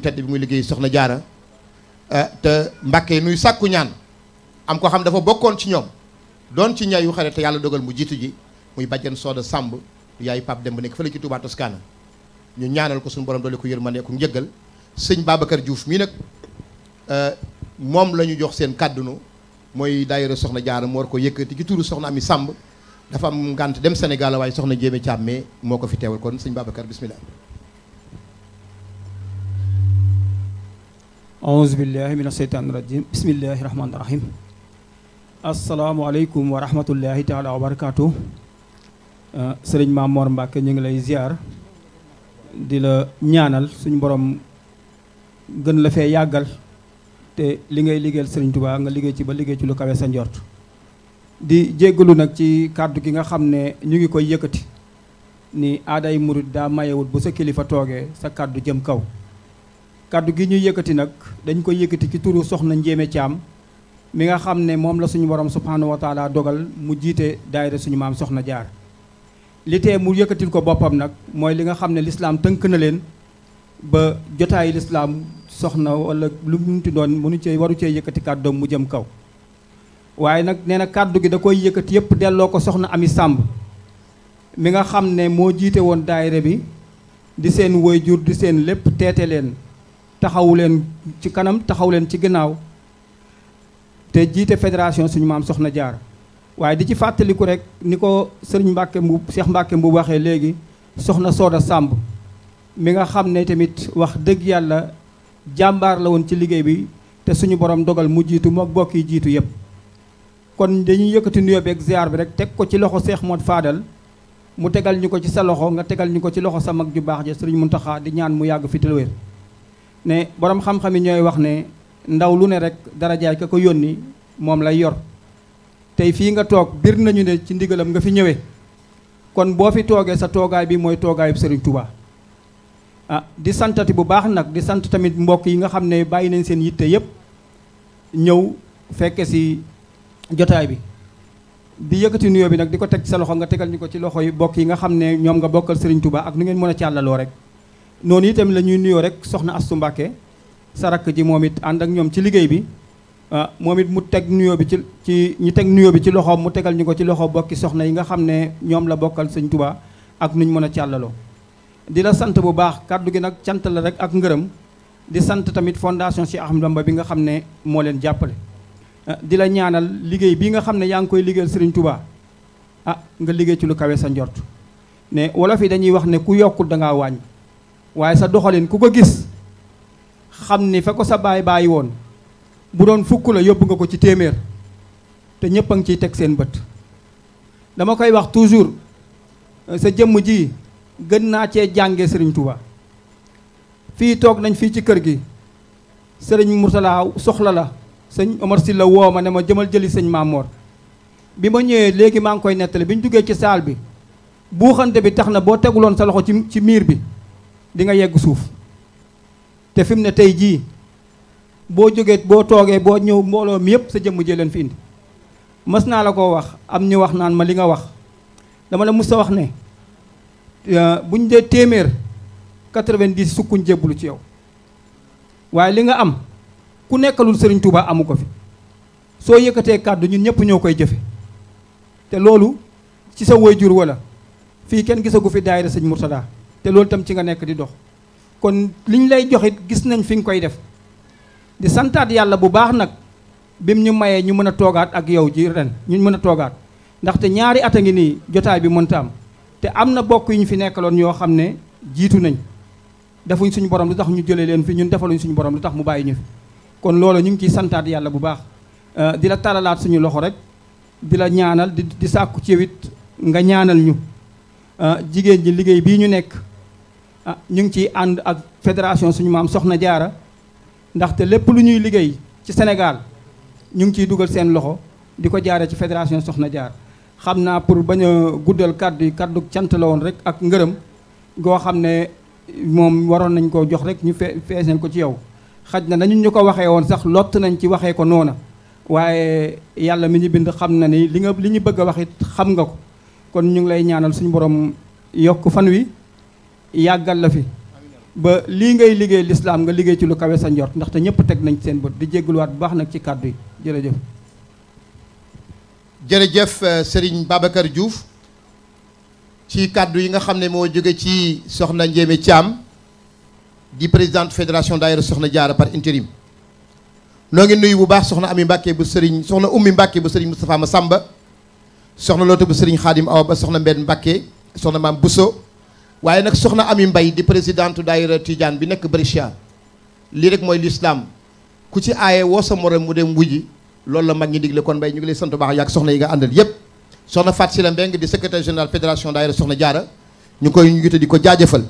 tedd bi muy liggéey soxna jaara eh, te Mbàkke nuy sàkku ñaan am ko xam dafa bokkoon ci ñoom doon ci ñaayu xare te yàlla dogal mu jiitu ji muy bàjjan Sooda Sàmb yaayu Pape Demba nekk fële ci Touba Toscana ñu ñaanal ko suñu borom doole ko ma nekku njëgal sëñ Babacar Diouf mii nag eh, moom la jox seen kàddunu mooy daayira soxna jaara mu war ko yëkkati ci tuuru soxna ami Sàmb dafa am ngànt dem Sénégal waaye soxna Jéeme Thiam moo ko fi teewal kon sëñ Babacar bismillah aousubillahi min asheytaani irajim bismillahi rahmanirahim asalaamualeykum wa rahmatullahi taala wa barakatuh uh, sëriñ Maam Mor Mbàkke ñu ngi lay ziar di la ñaanal suñu boroom gën la fee yàggal te li ngay liggéeyal sëriñ Tuubaa nga liggéey ci ba liggéey ci lu kawe sa njort di jéggalu nag ci kàddu gi nga xam ne ñu ngi koy yëkkati ni aaday murit daa mayewut bu sa kilifa toogee sa kàddu jëm kaw kàddu gi ñu yëkkati nag dañ koy yëkkati ci turu soxna Njéeme Thiam mi nga xam ne moom la suñu borom subhaanahu wa taala dogal mu jiite daayira suñu maam soxna jaar li tee mu yëkkatil ko boppam nag mooy li nga xam ne lislaam tënk na leen ba jotaayu lislaam soxna wala lu munti doon mënu cee waru cee yëkkati kàddoom mu jëm kaw waaye nag nee na kàddu gi da koy yëkkati yépp delloo ko soxna Ami Sàmb mi nga xam ne moo jiite woon daayre bi di seen woy jur di seen lépp teete leen taxawu leen ci kanam taxaw leen ci ginnaaw te jiite fédération suñu maam soxna jaar waaye di ci fàttaliku rek ni ko sëriñ Mbàkke Mbuub Cheikh Mbàkke Mbuub waxee léegi soxna Sooda Sàmb mi nga xam ne tamit wax dëgg yàlla jàmbaar la woon ci liggéey bi te suñu borom dogal mu jiitu mook bokk yi jiitu yëpp kon dañuy yëkkati nuyoo beeg ziar bi rek teg ko ci loxo seex Mod Fadal mu tegal ñu ko ci sa loxo nga tegal ñu ko ci loxo sa mag ju baax ja sëriñ Muntaxa di ñaan mu yàgg fi te ne boroom xam-xam yi ñooy wax ne ndaw lu ne rek darajaay ka ko yónni moom lay yor tey fii nga toog bir nañu ne ci ndigalam nga fi ñëwee kon boo fi toogee sa toogaay bi mooy toogaayu Serigne Touba. ah di santati bu baax nag di sant tamit mbokk yi nga xam ne bàyyi nañ seen yitte yëpp ñëw fekke si jotaay bi. di yëkkati nuyoo bi nag di ko teg ci sa loxo nga tegal ñu ko ci loxo yi mbokk yi nga xam ne ñoom nga bokkal Serigne tubaa ak nu ngeen mën a càllaloo rek. noonu itam la ñuy nuyoo rek soxna Astu Mbàkke sa rakk ji moom it ànd ak ñoom ci liggéey bi ah, moom it mu teg nuyoo bi ci ci ñu teg nuyoo bi ci loxoom mu tegal ñu ko ci loxo bokki soxna yi nga xam ne ñoom la bokkal sëñ Tuubaa ak ñu mën a càllaloo di la sant bu baax kàddu gi nag cant la rek ak ngërëm di sant tamit fondation si Ahmadou Bamba bi nga xam ne moo leen jàppale ah, di la ñaanal liggéey bi nga xam ne yaa ngi koy liggéeyal sëriñ Tuubaa ah nga liggéey ci lu kawe sa njort ne wolof yi dañuy wax ne ku yokkul da ngaa waaye sa doxalin ku ko gis xam ni fa sa baay bàyyi woon bu doon fukk la yóbbu nga ko ci téeméer te ñëpp a ngi ciy teg seen bët dama koy wax toujours euh, sa jëmm ji gën naa cee jànge sëriñ Touba fii toog nañ fii ci kër gi sëriñ Mourtala soxla la sëñ Omar Sylla woo ma ne ma jëmal jëli sëñ Mamor bi ma ñëwee léegi maa ngi koy nettali bi ñu duggee ci saal bi buuxante bi tax na boo teguloon sa loxo ci ci miir bi di nga yegg suuf te fi mu ne tey jii boo jógee boo toogee boo ñëw mbooloo mi yëpp sa jëmm jee leen fi indi mës naa la koo wax am ñu wax naan ma li nga wax dama la mës a wax ne euh, buñ dee téeméer 90 sukkuñ jébbalu ci yow waaye li nga am ku nekkalul sëriñ Touba amu ko fi soo yëkkatee kàddu ñun ñëpp ñoo koy jëfe te loolu ci sa waajur wala fii kenn gisagu fi daayira sëñ Murtada te loolu tam ci nga nekk di dox kon liñ lay joxit gis nañ fi nga koy def di santaat yàlla bu baax nag bim ñu mayee ñu mën a toogaat ak yow ji ren ñu mën a toogaat ndaxte ñaari at a ngi nii jotaay bi mënta am te am na bokk yu ñu fi nekkaloon yoo xam ne jiitu nañ defuñ suñu borom lu tax ñu jëlee leen fi ñun defaluñ suñu borom lu tax mu bàyyi ñu fi kon loolu ñu ngi ciy santaat yàlla bu baax euh, di la talalaat suñu loxo rek di la ñaanal di di sàkku ci nga ñaanal ñu euh, jigéen ñi liggéey bii ñu nekk Ah, ñu ngi ciy ànd ak fédération suñu maam Soxna Jaara ndaxte lépp lu ñuy liggéey ci Sénégal ñu ngi ciy dugal seen loxo di ko jaare ci fédération Soxna jaar xam naa pour bañ a guddal kàddu yi kàddu cant la woon rek ak ngërëm goo xam ne moom waroon nañ ko jox rek ñu fe feesal ko ci yow xaj na nañu ñu ko waxee woon sax lott nañ ci waxee ko noona waaye yàlla mi ñu bind xam na ni li nga li ñu bëgg a wax it xam nga ko kon ñu ngi lay ñaanal suñu borom yokk fan wi yàggal la fi ba lii ngay liggéey lislaam nga liggéey ci lu kawe sa njort ndaxte ñëpp teg nañ seen bët di jégaluwaat bu baax nag ci kàddu yi jërëjëf. jërëjëf euh, Serigne Babacar Diouf ci kàddu yi nga xam ne moo jóge ci Soxna Ndiémé Thiam di présidente fédération daayira Soxna Jaara par intérim noo ngi nuyu bu baax Soxna Ami Mbàkke bu sëriñ Soxna Ummi Mbàkke bu Serigne ma sàmba soxna Loote bu Serigne Xaadim Awa ba Soxna Mbène Mbàkke soxna maam Bousso. waaye nag soxna Ami Mbay di présidente daayira Tidiane bi nekk Brescia lii rek mooy lislaam ku ci aaye woo sa morom mu dem wujji loolu la mag ñi digle kon mbay ñu ngi lay sant baax yaag soxna yi nga àndal yépp soxna Fatou Sylla Mbeng di secrétaire général fédération daayira soxna jaara ñu koy ñu te di ko jaajëfal